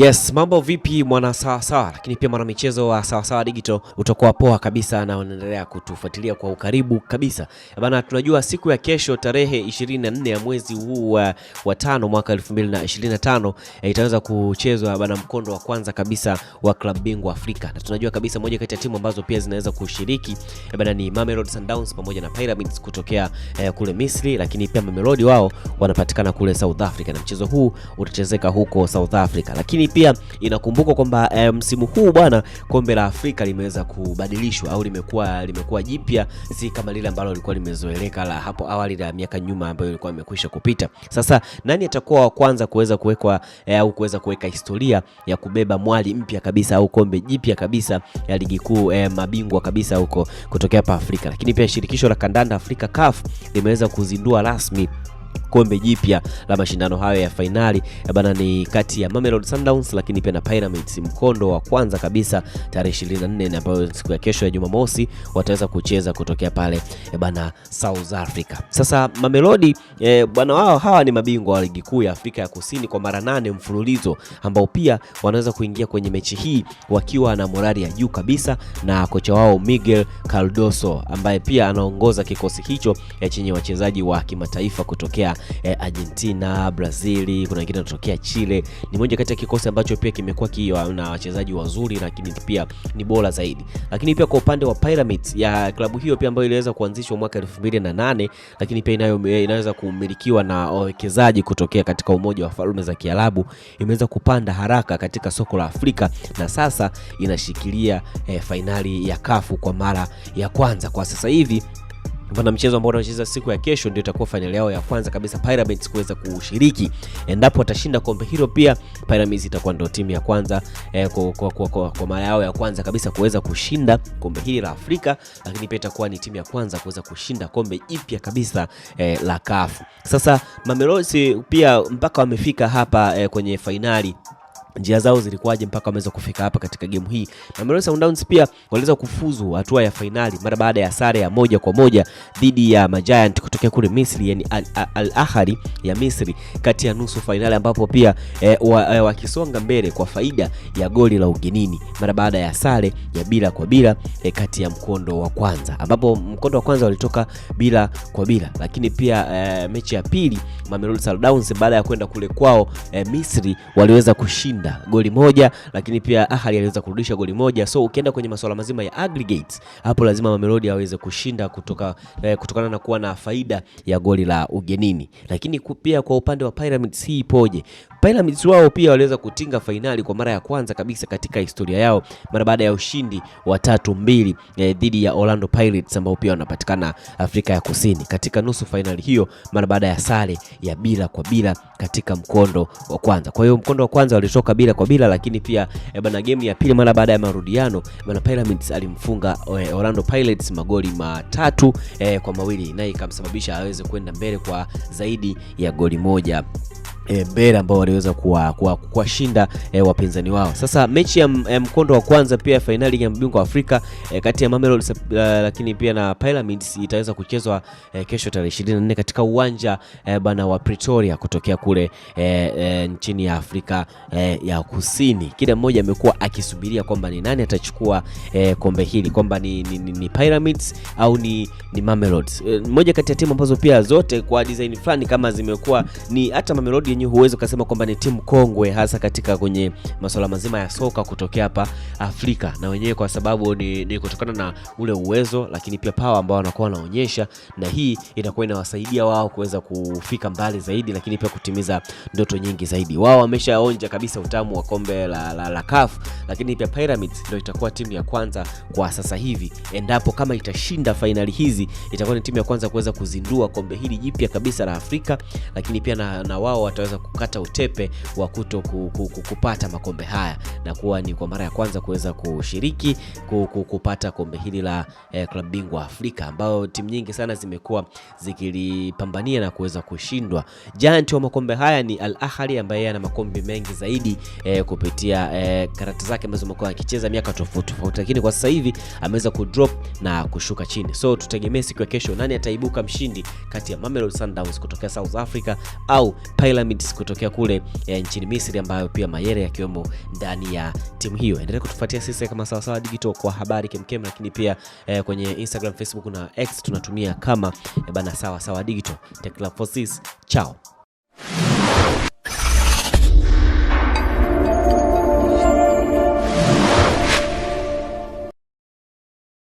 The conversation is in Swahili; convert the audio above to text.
Yes, mambo vipi mwana sawa, lakini pia mwana michezo wa sawa digital, utakuwa poa kabisa na unaendelea kutufuatilia kwa ukaribu kabisa eh, bana. Tunajua siku ya kesho tarehe 24 ya mwezi huu wa tano mwaka 2025 e, eh, itaweza kuchezwa bana mkondo wa kwanza kabisa wa klabu bingwa Afrika, na tunajua kabisa moja kati ya timu ambazo pia zinaweza kushiriki e, bana ni Mamelodi Sundowns pamoja na Pyramids kutokea e, kule Misri, lakini pia Mamelodi wao wanapatikana kule South Africa na mchezo huu utachezeka huko South Africa, lakini lakini pia inakumbukwa kwamba eh, msimu um, huu bwana, kombe la Afrika limeweza kubadilishwa au limekuwa limekuwa jipya, si kama lile ambalo lilikuwa limezoeleka la hapo awali la miaka nyuma ambayo ilikuwa imekwisha kupita. Sasa nani atakuwa wa kwanza kuweza kuwekwa eh, au kuweza kuweka historia ya kubeba mwali mpya kabisa au kombe jipya kabisa ya ligi kuu eh, mabingwa kabisa huko kutokea hapa Afrika. Lakini pia shirikisho la kandanda Afrika CAF limeweza kuzindua rasmi kombe jipya la mashindano hayo ya fainali eh, bana, ni kati ya Mamelodi Sundowns lakini pia na Pyramids, mkondo wa kwanza kabisa tarehe 24 ambayo siku ya kesho ya Jumamosi wataweza kucheza kutokea pale eh, bana South Africa. Sasa Mamelodi e, eh, bana wao hawa ni mabingwa wa ligi kuu ya Afrika ya Kusini kwa mara nane mfululizo, ambao pia wanaweza kuingia kwenye mechi hii wakiwa na morali ya juu kabisa, na kocha wao Miguel Cardoso ambaye pia anaongoza kikosi hicho chenye wachezaji wa kimataifa kutokea eh, Argentina, Brazil, kuna wengine wanatokea Chile. Ni moja kati ya kikosi ambacho pia kimekuwa kiwa uh, na wachezaji wazuri, lakini pia ni bora zaidi. Lakini pia kwa upande wa Pyramids ya klabu hiyo pia ambayo iliweza kuanzishwa mwaka 2008 lakini pia inayo eh, inaweza kumilikiwa na wawekezaji kutokea katika Umoja wa Falme za Kiarabu, imeweza kupanda haraka katika soko la Afrika na sasa inashikilia eh, fainali ya kafu kwa mara ya kwanza kwa sasa hivi pana mchezo ambao wanacheza siku ya kesho, ndio itakuwa fainali yao ya kwanza kabisa Pyramids kuweza kushiriki. Endapo watashinda kombe hilo, pia Pyramids itakuwa ndio timu ya kwanza eh, kwa, kwa, kwa, kwa, kwa mara yao ya kwanza kabisa kuweza kushinda kombe hili la Afrika, lakini pia itakuwa ni timu ya kwanza kuweza kushinda kombe ipya kabisa eh, la CAF. Sasa Mamelodi pia mpaka wamefika hapa eh, kwenye fainali njia zao zilikuwaje mpaka wameweza kufika hapa katika game hii. Na Mamelodi Sundowns pia waliweza kufuzu hatua ya fainali mara baada ya sare ya moja kwa moja dhidi ya Magiant kutokea kule Misri, yani Al, Al, Al Ahly ya Misri kati ya nusu fainali, ambapo pia e, wakisonga mbele kwa faida ya goli la ugenini mara baada ya sare ya bila kwa bila e, kati ya mkondo wa kwanza, ambapo mkondo wa kwanza walitoka bila kwa bila, lakini pia e, mechi ya pili Mamelodi Sundowns baada ya kwenda kule kwao e, Misri waliweza kushinda kushinda goli moja, lakini pia Ahali aliweza kurudisha goli moja. So ukienda kwenye masuala mazima ya aggregate, hapo lazima Mamelodi aweze kushinda kutoka, eh, kutokana na kuwa na faida ya goli la ugenini. Lakini pia kwa upande wa Pyramids hii ipoje? Pyramids wao pia waliweza kutinga fainali kwa mara ya kwanza kabisa katika historia yao mara baada ya ushindi wa tatu mbili eh, dhidi ya Orlando Pirates ambao pia wanapatikana Afrika ya Kusini katika nusu fainali hiyo mara baada ya sare ya bila kwa bila katika mkondo wa kwanza. Kwa hiyo mkondo wa kwanza walitoka bila kwa bila, lakini pia eh, bana, game ya pili mara baada ya marudiano bana, Pyramids alimfunga eh, Orlando Pirates magoli matatu eh, kwa mawili na ikamsababisha aweze kwenda mbele kwa zaidi ya goli moja E, mbele ambao waliweza kuwashinda kuwa, kuwa e, wapinzani wao. Sasa mechi ya, ya e, mkondo wa kwanza pia ya fainali ya mabingwa Afrika e, kati ya Mamelodi uh, lakini pia na Pyramids itaweza kuchezwa e, kesho tarehe 24 katika uwanja e, bana wa Pretoria kutokea kule e, e, nchini ya Afrika e, ya Kusini. Kila mmoja amekuwa akisubiria kwamba ni nani atachukua e, kombe hili kwamba ni, ni, ni, ni Pyramids au ni, ni Mamelodi. E, moja kati ya timu ambazo pia zote kwa design fulani kama zimekuwa ni hata Mamelodi yenye huwezi ukasema kwamba ni timu kongwe, hasa katika kwenye masuala mazima ya soka kutokea hapa Afrika, na wenyewe kwa sababu ni, ni kutokana na ule uwezo, lakini pia power ambao wanakuwa wanaonyesha, na hii itakuwa inawasaidia wao kuweza kufika mbali zaidi, lakini pia kutimiza ndoto nyingi zaidi. Wao wameshaonja kabisa utamu wa kombe la, la, la CAF, lakini pia Pyramids ndio itakuwa timu ya kwanza kwa sasa hivi, endapo kama itashinda fainali hizi, itakuwa ni timu ya kwanza kuweza kuzindua kombe hili jipya kabisa la Afrika, lakini pia na, na wao wata kuweza kukata utepe wa kuto kupata makombe haya na kuwa ni kwa mara ya kwanza kuweza kushiriki kupata kombe hili la eh, klabu bingwa Afrika ambayo timu nyingi sana zimekuwa zikilipambania na kuweza kushindwa. Giant wa makombe haya ni Al Ahly ambaye ana makombe mengi zaidi eh, kupitia eh, karata zake ambazo amekuwa akicheza miaka tofauti tofauti, lakini kwa sasa hivi ameweza kudrop na kushuka chini. So tutegemee siku ya kesho nani ataibuka mshindi kati ya Mamelodi Sundowns kutoka South Africa au Pyramids Pyramids kutokea kule ya eh, nchini Misri ambayo pia Mayele yakiwemo ndani ya timu hiyo. Endelea kutufuatia sisi kama Sawasawa Digital kwa habari kemkem, lakini pia eh, kwenye Instagram, Facebook na X tunatumia kama e, bana Sawasawa Digital. Chao.